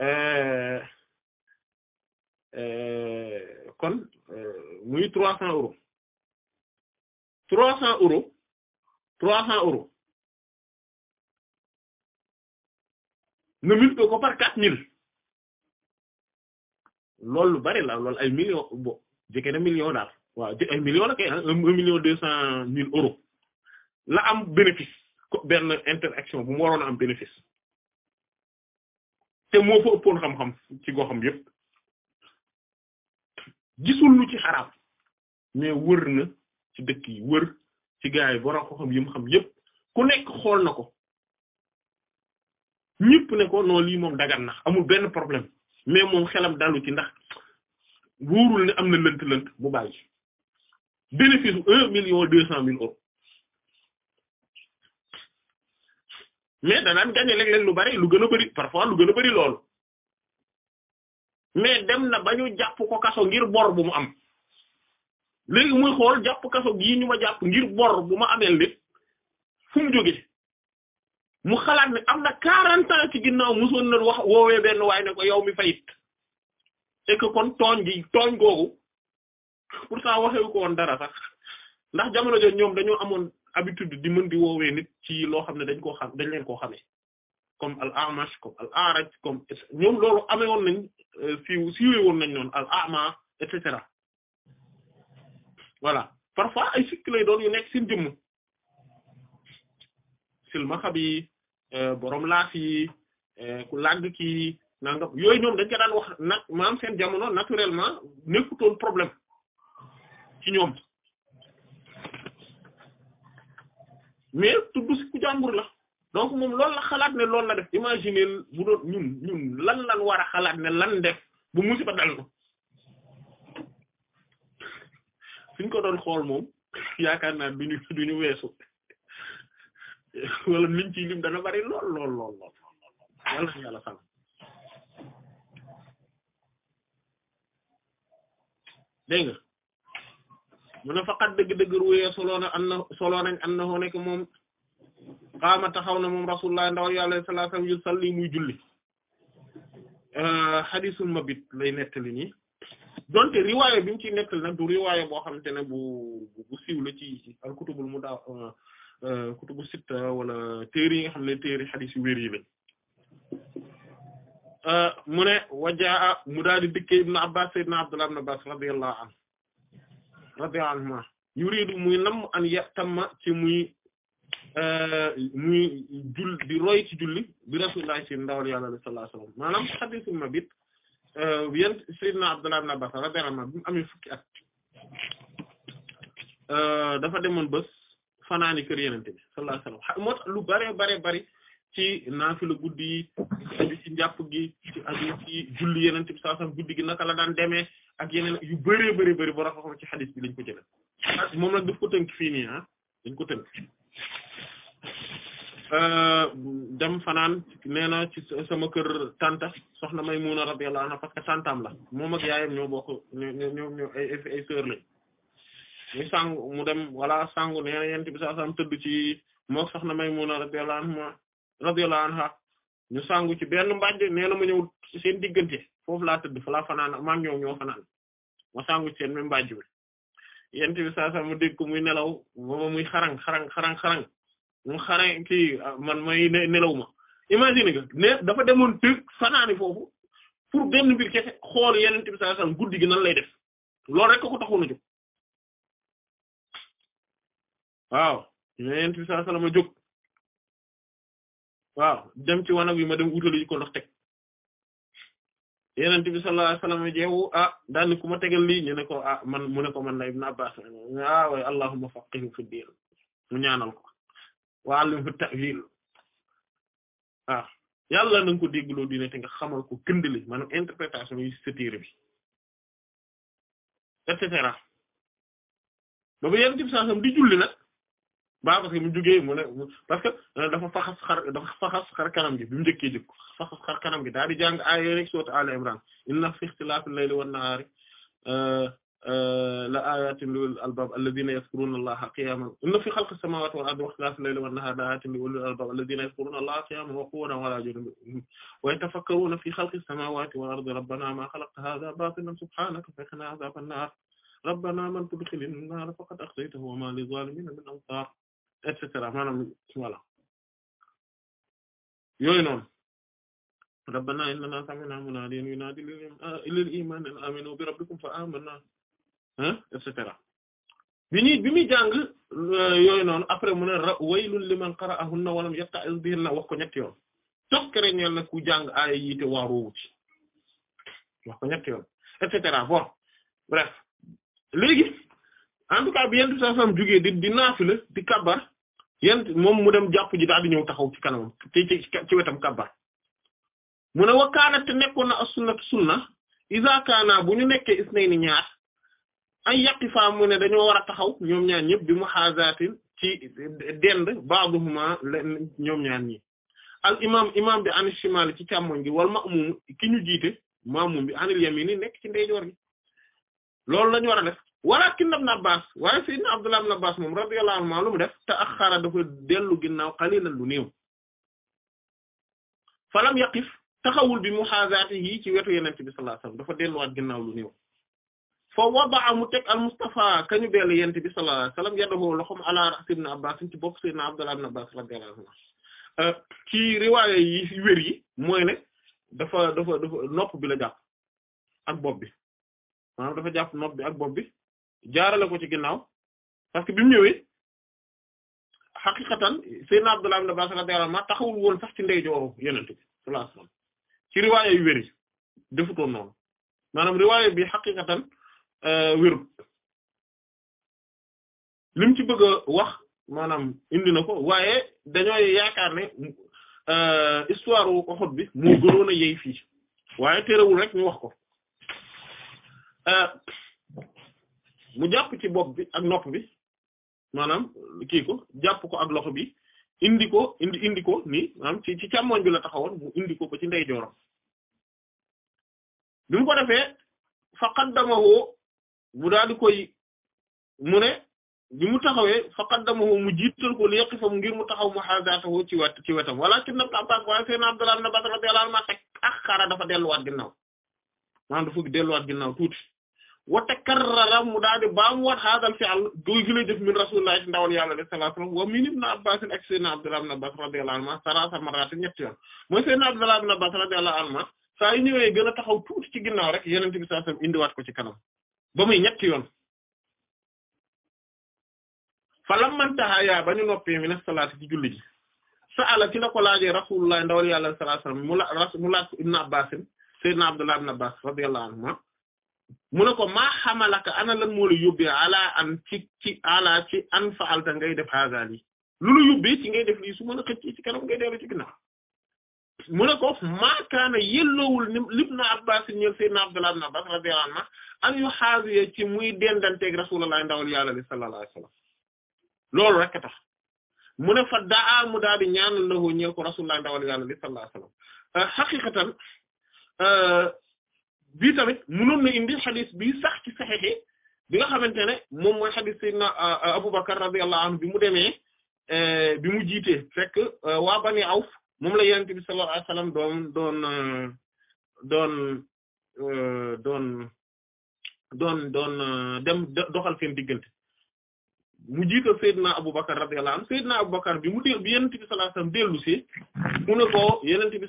euh, euh, kon euh, muy trois cents euros trois cents euros trois cents euros nga multiplier ko par quatre mille loolu lu bari la lool ay millions bo jege na million daal waaw ay million la kay ah, un million deux cent mille euros la am bénéfice benn interaction bu mu waroon am bénéfice te moo fa ëppoon xam-xam ci goxam yépp gisul ci xaraam mais wër ci dëkk yi wër ci gaay yi borom xam-xam xam yépp ku nekk xool na ko ñëpp ne ko non lii moom dagan na amul benn problème mais moom xelam dalu ci ndax wóorul ne am na lënt-lënt bu bàyyi bénéfice bu un million deux cent mille euros mais danaan gagné léeg-léeg lu bari lu gën a bari parfois lu gën a bari lool mais dem na ba jàpp ko kaso ngir bor bu mu am léegi muy xool jàpp kaso gii ñu ma jàpp ngir bor bu ma ameel nit fu mu mu xalaat ne am na 40 ans ci ginnaaw mosoon na wax woowee benn waaye ne ko yow mi fayit et kon tooñ gi tooñ googu pourtant waxewu ko woon dara sax ndax jamono jooju ñoom dañoo amoon habitude di mën di woowee nit ci loo xam ne dañ koo xam dañ leen koo xamee comme al amash comme al araj comme ñoom loolu amee woon nañ euh, siiw siiwee woon nañ noonu al ama et cetera voilà parfois ay sikk lay doon yu nekk seen jëmm silmaxa bi Euh, borom laaf yi euh, ku làgg ki nangam yooyu ñoom dañ ko daan wax nag maam seen jamono naturellement nekkutoon problème ci ñoom mais tudd si ku jàmbur la donc moom loolu la xalaat ne loolu la def imaginer bu doon ñun ñun lan lan war a xalaat ne lan def bu musiba dal ko suñ ko doon xool moom yaakaar naa duñu duñu weesu wala niñ ciy lim dana bari lool lool lool lool yàlla na yàlla sàmm dégg nga mu ne faqat dëgg-dëgg ruwee soloo na an na soloo an na nekk moom xaama taxaw na moom rasulullah ndaw yàlla sallallahu alayhi wasallam yu salli muy julli xadisul euh, mabit lay nettali nii donte riwaaye bi mu ciy nettali nag du riwaaye boo xamante ne bu bu siiw ci alkutubul mu daa Euh, kutubu sitta wala téeri yi nga xam ne téeri xadis yu wér euh, mu ne wajaa mu daal di dikkee ibn abbas sayyidna abdullah ibn abbas radiyallahu anhu radiyallahu anhuma yuridu muy nam an yatamma ci muy euh, di roy ci julli bi rasulullah ci ndawal yàlla sallallahu alayhi wasallam maanaam xadisul mabit yent abdullah ibn abbas radiyallahu anhu bi mu fukki at dafa demoon bés fanaani kër yenente bi sallallahu alayhi moo lu bare bare bari ci naafila guddi yi aju ci njàpp gi ci aju ci julli yenente bi sallallahu alayhi guddi gi naka la daan demee ak yeneen yu bëree bëri bëri boo raxaxam ci xadis bi lañ ko jële moom nag daf ko tënk fii nii ah dañ ko tënk euh, dem fanaan nee na ci sama kër tanta soxna Maymuna radiyallahu anha parce que tantam la moom mag yaayam ñoo bokk ñoo ñoo ay ay sœur mi sangu mu dem wala sangu nee na yent bi sallallahu alayhi wasallam tëdd ci moo soxna Maymuna radiyallahu anha radiyallahu ñu sangu ci benn mbàjj nee na ma ñëw seen diggante foofu laa tëdd fa laa fanaan maam ñoom ñoo fanaan ma sangu ci seen même mbàjj bi yent bi muy nelaw muy xarang xarang xarang xarang mu xarang kii ah, man may nelaw ma imagine nga ne dafa demoon tëg fanaani foofu pour benn mbir kese xool yonent bi sallallahu alayhi guddi gi nan lay def loolu rek ko taxoon a jóg waaw yonent bi sallallahu alayhi waaw dem ci wanag wi ma dem utali ko ndox teg yonent bi sallallahu alayhi wasallam jeewu ah daal ku ma tegal lii ñu ne ko a ah, man mu ne ko man la Ibn Abbas ah way allahumma faqihhu fi din mu ñaanal ko wa allimhu ta'wil waaw ah, yàlla na ko déggloo dina te nga xamal ko gëndale maanaam interprétation yi sa téere bi et cetera ba ba yonent bi sallallahu di julli nag. ba parce que mu jógee mu ne parce que dafa faxas xar dafa faxas xar kanam gi bi mu njëkkee jëkk faxas xar kanam gi daal di jàng aaya rek sourate Al Imran inna fi ikhtilafil layli wan nahari euh, euh, la ayatin lil albab alladhina yadhkuruna allaha qiyaman inna fi khalqis samawati wal ardi wa ikhtilafil layli wan nahari la ayatin lil albab alladhina yadhkuruna allaha qiyaman wa qu'udan wa ala junubihim wa yatafakkaruna fi khalqis samawati wal ardi rabbana ma khalaqta hadha batilan subhanaka faqina adhaban nar rabbana man tudkhilin nar faqad akhzaytahu wa ma lizalimin min ansar et cetera maanaam voilà yooyu noonu rabbana innana sami'na munadiyan yunadi lil iman an aminu bi rabbikum fa amanna et cetera bi ñuy bi muy jàng euh, yooyu noonu après mu ne waylun liman qara'ahunna wa lam yatta'iz bihinna wax ko ñetti yoon tokkere ñeel na ku jàng ay yi te waaruwu ci ñetti yoon et cetera bon léegi en tout cas bi yentu di di naafila di kabar yent moom mu dem jàpp ji daal di ñëw taxaw ci kanamam te ci ci wetam kabbar mu ne wa kaanat nekkoon na as-sunnat sunna iza kaana bu ñu nekkee isnayni ñaar ay yaqifa mu ne dañoo war a taxaw ñoom ñaar ñëpp bi mu xaazaatin ci dend ba'duhuma ñoom ñaar ñi al imam imam bi an shimal ci càmmoñ gi wal ma'mum ki ñu jiite ma'mum bi anil yamini nekk ci ndeyjoor gi loolu lañu war a def walakin ibn Abbas waaye sayyidina Abdullah ibn Abbas moom radiyallahu anhu lu mu def ta'axxara dafa dellu ginnaaw qalilan lu néew falam yaqif taxawul bi muhaazaatihi ci wetu yonent bi sallallahu alayhi wasallam dafa delluwaat ginnaaw lu néew fa wada'a mu teg al Mustafa kañu dellu yonent bi sallallahu alayhi wasallam yadahu loxoom ala ra's ibn Abbas ci bopp sayyidina Abdullah ibn Abbas radiyallahu anhu euh, ci riwaaya yi wér yi mooy ne dafa dafa dafa nopp bi la jàpp ak bopp bi maanaam dafa jàpp nopp bi ak bopp bi jaarale ko ci ginnaaw parce que bi mu ñëwee xaqiqatan Seydina Abdullah ibn Abbas radiyallahu anhu taxawul woon sax ci ndeyjooru Yonent bi sallallahu alayhi ci riwaaya yu wér yi defutoon noonu maanaam bi xaqiqatan euh, wérut lim ci bëgg a wax maanaam indi na ko waaye dañooy yaakaar ne euh, histoire wu ko xot bi moo gënoon a yey fii waaye terewul rek ñu wax ko euh, mu jàpp ci bopp bi ak nopp bi maanaam kii ko jàpp ko ak loxo bi indi ko indi indi ko nii maanaam ci ci càmmoñ bi la taxawoon mu indi ko ci ndeyjooram bi mu ko defee faqaddamahu mu daal di koy mu ne bi mu taxawee faqaddamahu mu jiital ko li yaqifa ngir mu taxaw mu xaazaatahu ci wet ci wetam wala ci Ibn Abbas waaye seen Abdullah ibn Abbas radiyallahu anhu ma teg axara dafa delluwaat ginnaaw maanaam delluwaat ginnaaw tuuti wa takarrara mu daal di baa mu wat haadal fi'l doy gi la jëf min rasulullah ci ndawal yàlla sallallahu alayhi wasallam wa min ibn abbas ak sayyidina abdullah ibn abbas radiyallahu anhuma salaasa marrat ñetti yoon mooy sayyidina abdullah ibn abbas radiyallahu anhuma saa ñëwee gën a taxaw tuuti ci ginnaaw rek yonent bi sallallahu alayhi wasallam indiwaat ko ci kanam ba muy ñetti yoon fa lamantaha yaa ba ñu noppee mi na salaati ci julli ji sa'ala ki la ko laajee rasulullah ndawal yàlla sallallahu alayhi wasallam mu la mu laaj ko ibn na sayyidina abdullah ibn abbas radiyallahu mu ne ko maa xamalaka ana lan moo la yóbbee ala an ci ci ala ci an faalta ngay def xaaral yi lu la ci ngay def lii su mën a xëcc ci kanam ngay dellu ci ginnaaw mu ne ko maakaana yelloowul libna Abbas ñeel sayyidna Abdullah ibn Abbas radiyallahu anhu an yu xaasiya ci muy dendanteeg Rasulullah ndawal yàlla li sallallahu alayhi wasallam loolu rek tax mu ne fa daa mu daal ñaanal la ñeel ko Rasulullah ndawal yàlla li sallallahu alayhi wasallam bii tamit mënoon na indi xadis bi sax ci saxexe bi nga xamante ne moom mooy xadis sayyidina euh, Abubakar radiyallahu anhu bi mu demee euh, bi mu jiitee fekk euh, wa Bani aw moom la yonent bi sallallahu alayhi wasallam doon doon doon doon doon dem doxal seen diggante mu jiital Seydina Aboubacar radiyallahu anhu Seydina Aboubacar bi mu dé bi Yonent bi sallallahu alayhi wasallam dellu si mu ne ko Yonent bi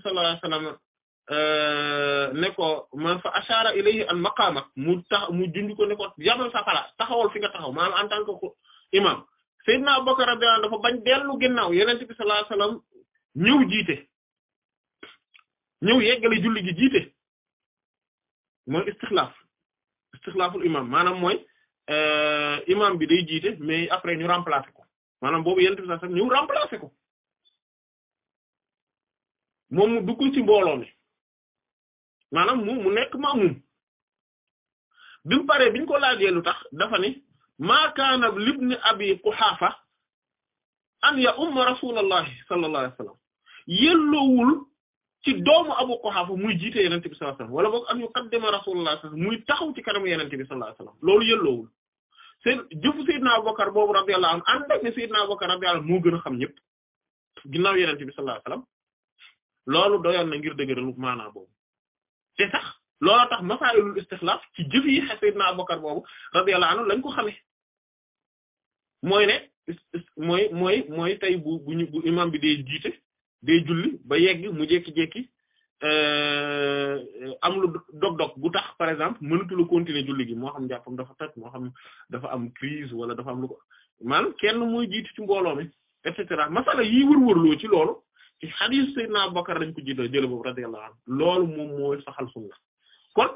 Euh, ne ko man fa ashara ilayhi an maqaama mu tax mu junj ko ne ko yabal taxawal fi nga taxaw ma en tant que ko imam Seydina Abubakar radiyallahu anhu bañ dellu ginnaaw Yonent bi sallallahu alayhi wasallam ñëw jiite ñëw yeggale julli gi mooy istixlaaf istixlaaful imam maanaam mooy euh, imam bi day jiite mais après ñu remplacer ko maanaam boobu Yonent bi moom mu dugg ci mbooloo mi maanaam moom mu nekk maamum bi mu paree biñ ko laajee lu tax dafa ne maa kaana libni abi quhaafa an ya umma rasulallahi sallallahu alayhi wasallam yelloowul ci doomu abu quhaafa muy jiite yenente bi sallallahu alayhi wasallam wala boog an yuqaddima rasulullahi sallallahu muy taxaw ci kanam yenente bi sallallahu alayhi loolu yelloowul seen jëfu Seydina Abubakar boobu radiyallahu anhu ànd ak ne Seydina Abubakar radiyallahu anhu moo gën a xam ñëpp ginnaaw yenente bi sallallahu alayhi wasallam na ngir dëgëral boobu te sax looloo tax masaa'ilul istixlaaf ci jëf yi Seydina Abubakar boobu radiyallahu lañ ko xamee mooy ne mooy mooy mooy tey bu bu imam bi day jiite day julli ba yegg mu jékki-jékki euh, am lu dog-dog gu tax par exemple mënatu la continuer julli gi moo xam jàppam dafa toj moo xam dafa am crise wala dafa am lu ko maanaam kenn muy jiite ci mbooloo mi et cetera yi wër-wër loolu. ci xadiis Seydina Abubakar lañ ko jëlee jëlee boobu radiyallahu anhu loolu moom mooy saxal sunna kon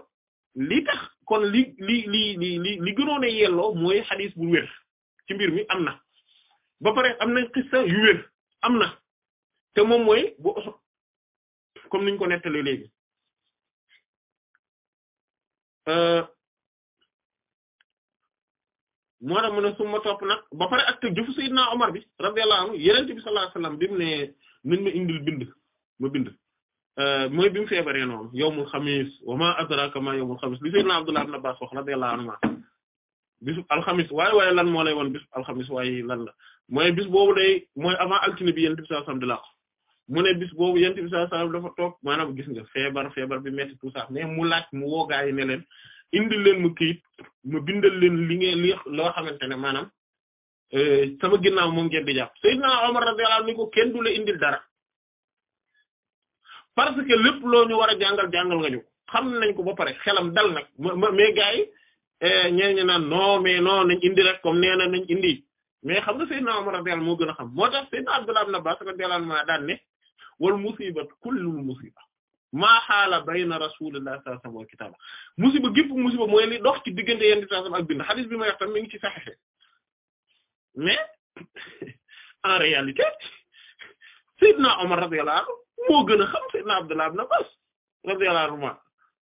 li tax kon li li li li li li a yelloo mooy xadiis bu wér ci mbir mi am na ba pare am na xissa yu wér am na te moom mooy bu comme niñ ko nettalee léegi euh, moo tax mu ne topp nag ba pare ak te jëfu Seydina Omar bi radiyallahu anhu Yonent bi sallallahu alayhi wasallam bi ne nañ ma indil bind ma bind euh, mooy bi mu feebaree noonu yawmul xamis wa ma adraka ma yawmul xamis li sayyidna Abdullah ibn Abbas wax radiyallahu anhuma bisu alxamis waaye waaye lan moo lay won bisu alxamis waaye lan altine bi yent bi sallallahu alayhi wasallam mu ne bis boobu yent bi sallallahu alayhi wasallam dafa toog maanaam gis nga feebar feebar bi metti tout ça mais mu laaj mu woogaay ne leen indil leen mu kiit ma bindal leen li ngeen li loo xamante ne maanaam Eh, sama ginnaaw moom ngeen di jàpp Seydina Omar radiyallahu anhu ni ko kenn du la indil dara parce que lépp loo ñu war a jàngal jàngal nga ñu xam nañ ko ba pare xelam dal nag ma mais gars yi eh, ñenn ñi naan non mais nañ indi rek comme nee na nañ indi mais xam nga Seydina Omar radiyallahu moo gën a xam moo tax Seydina Abdullah ibn Abbas radiyallahu anhu daan ne wal musibatu kullul musiba maa xaala bayna rasulillahi sallallahu alayhi wasallam wa kitaaba musiba gépp musiba mooy li dox ci diggante yenn saa ak bind xadis bi mi ngi ci mais en réalité Seydina Omar radiyallahu moo gën a xam Seydina Abdullah ibn Abbas radiyallahu anhu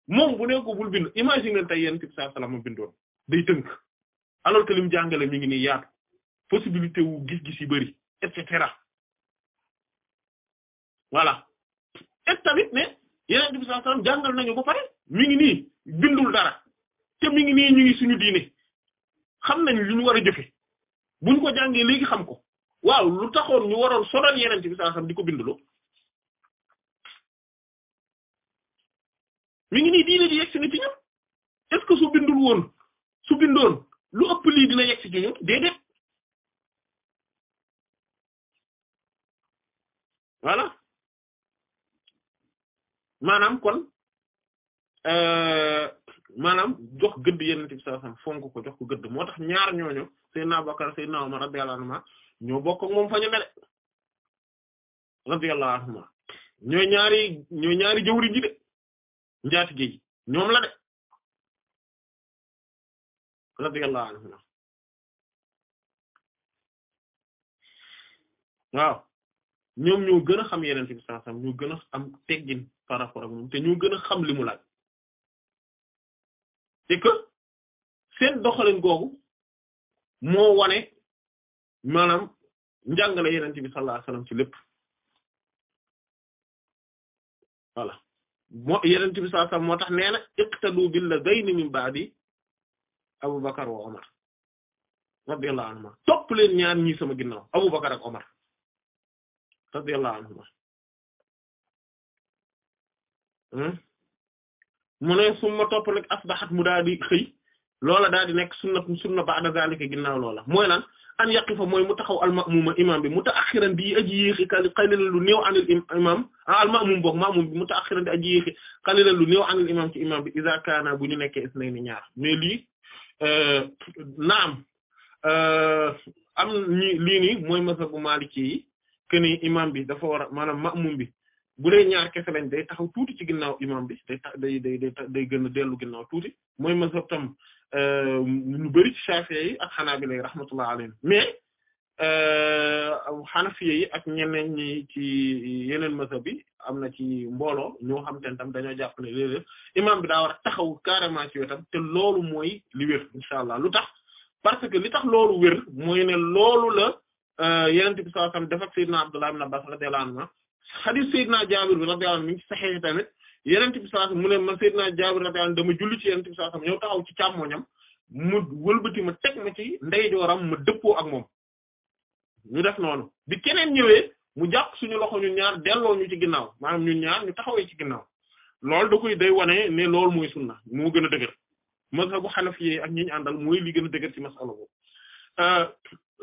moom bu ne ko bul bind imagine leen tey yéen tib saa salaama bindoon day tënk alors que lim jàngale mi ngi nii yaatu possibilité wu gis-gis yi bëri et cetera et tamit ne yeneen tib saa salaam jàngal nañu ba pare mi ngi nii dara te mi ngi nii ñu ngi suñu diine xam war a jëfe buñ ko jàngee léegi xam ko waaw lu taxoon ñu waroon sonal yeneen bi saa xam di ko bindloo mi ngi nii diine ji yegg si na ñun est-ce su bindul woon su bindoon lu ëpp lii dina yegg si ci ñun déedéet voilà maanaam kon. Euh, maanaam jox gëdd yenente bi sallallahu alayhi wasallam fonk ko jox ko gëdd moo tax ñaar ñooñu Seydina Abubakar Seydina Umar radiyallahu anhuma ñoo bokk moom fañu ne de radiyallahu anhuma ñooy ñaari ñooy ñaari jawri ji de njaatige ñoom ñoo gën a xam yeneen bi sallallahu ñoo gën a am teggin par rapport ak moom te ñoo gën a xam li mu laaj c'est que seen doxalin googu moo wane maanaam njàngale yenente bi sallallahu alayhi ci lépp voilà moo yenente bi sallallahu moo tax nee na iqtadu billadayni min ba'di Abu Bakar wa Omar radiyallahu anhuma topp leen ñaar ñii sama ginnaaw Abu Bakar ak Omar radiyallahu anhuma hmm? mu ne summa topp nag asbahat mu daal di xëy loola daal di nekk na sunna ba'da zalika ginnaaw loola mooy lan an yaqifa mooy mu taxaw almamuma imam bi mutaaxiran di aji yéexi kali xalilan lu néew anil imam ah, almamum boog mamum bi mutaaxiran di aji yéexi xalilan lu néew anil imam ci imam bi iza kaana bu ñu nekkee isnayni ñaar mais lii euh, naam euh, am ñi lii nii mooy mazhabu maliki yi keni imam bi dafa war a ma mamum bi bu dee ñaar kese lañ day taxaw tuuti ci ginnaaw imam bi day day day day day gën a dellu ginnaaw tuuti mooy mazhab tam euh, ñu bari ci Shafi'i yi ak Hanabila yi rahmatullah alayhim mais euh, Hanafiya yi ak ñeneen ñi ci yeneen mazhab yi am na ci mbooloo ñoo xam ne tam dañoo jàpp ne bi daa war a taxaw carrément ci wetam te loolu mooy li wér incha allah lu tax parce que li tax loolu wér mooy ne loolu la euh, Yonent bi sallallahu alayhi wasallam def ak Sayyidina na ibn Abbas radiyallahu anhu xadiis Seydina Jaabir bi radiyallahu anhu mi ngi ci Sahih tamit Yonent bi sallallahu alayhi wasallam mu ne man Seydina Jaabir radiyallahu anhu dama julli ci Yonent bi sallallahu alayhi ñëw taxaw ci càmmoñam mu wëlbati ma teg ma ci ndeyjooram ma dëppoo ak moom ñu def noonu bi keneen ñëwee mu jàpp suñu loxo ñun ñaar delloo ñu ci ginnaaw maanaam ñun ñaar ñu taxawee ci ginnaaw lool da koy day wane ne loolu mooy sunna moo gën a dëgër mazhabu Hanafi ak ñi ñu àndal mooy li gën a dëgër ci masala boobu euh,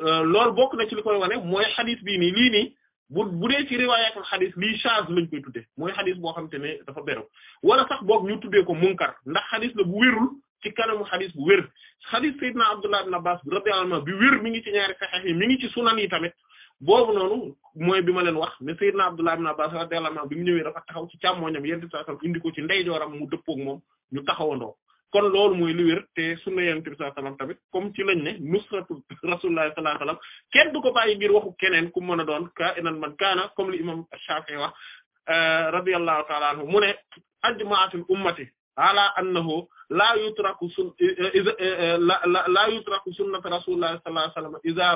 euh, loolu bokk na ci li koy wane mooy xadiis bii nii lii nii bu bu dee ci riwaayatul xadis lii charge lañ koy tudde mooy xadis boo xamante ne dafa beru wala sax boog ñu tuddee ko munkar ndax xadis la bu wérul ci kanamu xadis bu wér xadis Seydina Abdullah ibn Abbas bi radiyallahu anhu bi ngi ci ñaari yi mi ngi ci sunan yi tamit boobu noonu mooy bi ma leen wax ne Seydina Abdullah ibn Abbas radiyallahu anhu bi mu ñëwee dafa taxaw ci càmmoñam yenn saa indi ko ci ndeyjooram mu dëppook moom ñu taxawandoo kon loolu mooy li wér te sunna yonent bi sallallahu alayhi wasallam tamit comme ci lañ ne nusratu rasulillahi sallallahu alayhi wasallam kenn du ko bàyyi ngir waxu keneen ku mën a doon ka inan man kaana comme li imam Shafi'i wax euh, radiyallahu ta'ala anhu mu ne ajma'atul ummati ala annahu la yutraku sun la yutraku sunnat rasulillahi sallallahu alayhi wasallam iza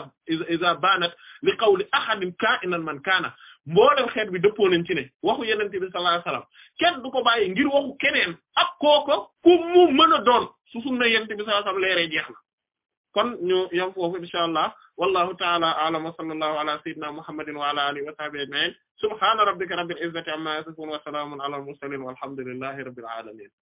iza banat li qawli ahadin ka'inan man kaana mboolem xeet bi dëppoo nañ ci ne waxu yenente bi sallallahu alayhi wasallam kenn du ko bàyyi ngir waxu keneen ak kooko ku mu mën a doon su sunna yenente bi sallallahu alayhi jeex na kon ñu yam foofu insha allah wallahu ta'ala a'lam wa sallallahu ala sayyidina muhammadin wa ala alihi wa sahbihi ajma'in subhana rabbika rabbil izzati amma yasifun wa salamun ala al mursalin walhamdulillahi rabbil alamin